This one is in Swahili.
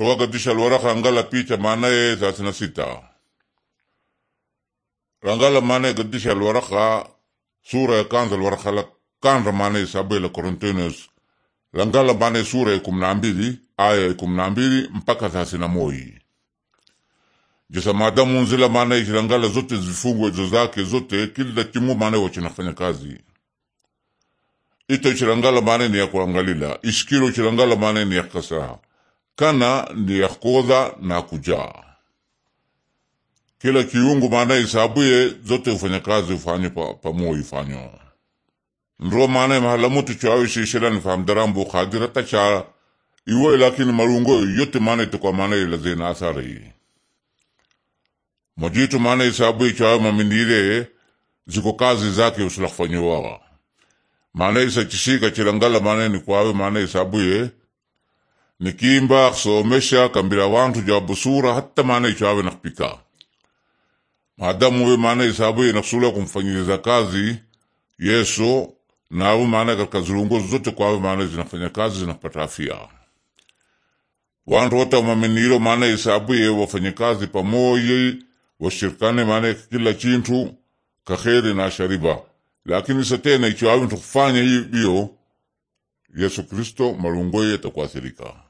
Bawakadisha alwaraka rangala picha maanaye thelathini na sita rangala maanaye gadisha alwaraka sura ya kanza alwaraka la kwanza maanaye sabila Korintinos rangala maanaye sura ya kumi na mbili aya ya kumi na mbili mpaka thelathini na moja jesa maadamu nzila maanaye rangala zote zifungwe zo zake zote kila kimu maanaye wachinafanya kazi ito chirangala maanaye ni ya kuangalila ishikilo chirangala maanaye ni ya kasaha kana ni ya kodha na kujaa. Kila kiungu maana isabuye zote ufanya kazi ufanye pamoja ifanyo nro maana mahalamutu chawe shishela ni famdarambu khadira tacha iwe lakini marungo yote maana itakuwa maana ile zina asari majitu maana isabuye chawe mamindire ziko kazi zake usila kufanyiwa maana isa chishika chilangala maana ni kwawe maana isabuye nikimba kusomesha kambira wantu ja busura hata maana ichawe na kupika maadamu we maana isabu ye nakusula kumfanyiza kazi Yesu nawe maana katika zilongozi zote kwawe maana zinafanya kazi zinapata afya wantu wote wamaminilo maana isabu ye wafanye kazi pamoja washirikane maana kila chintu kaheri na shariba lakini satena ichawe tukufanya hiyo Yesu Kristo malungo ye atakuathirika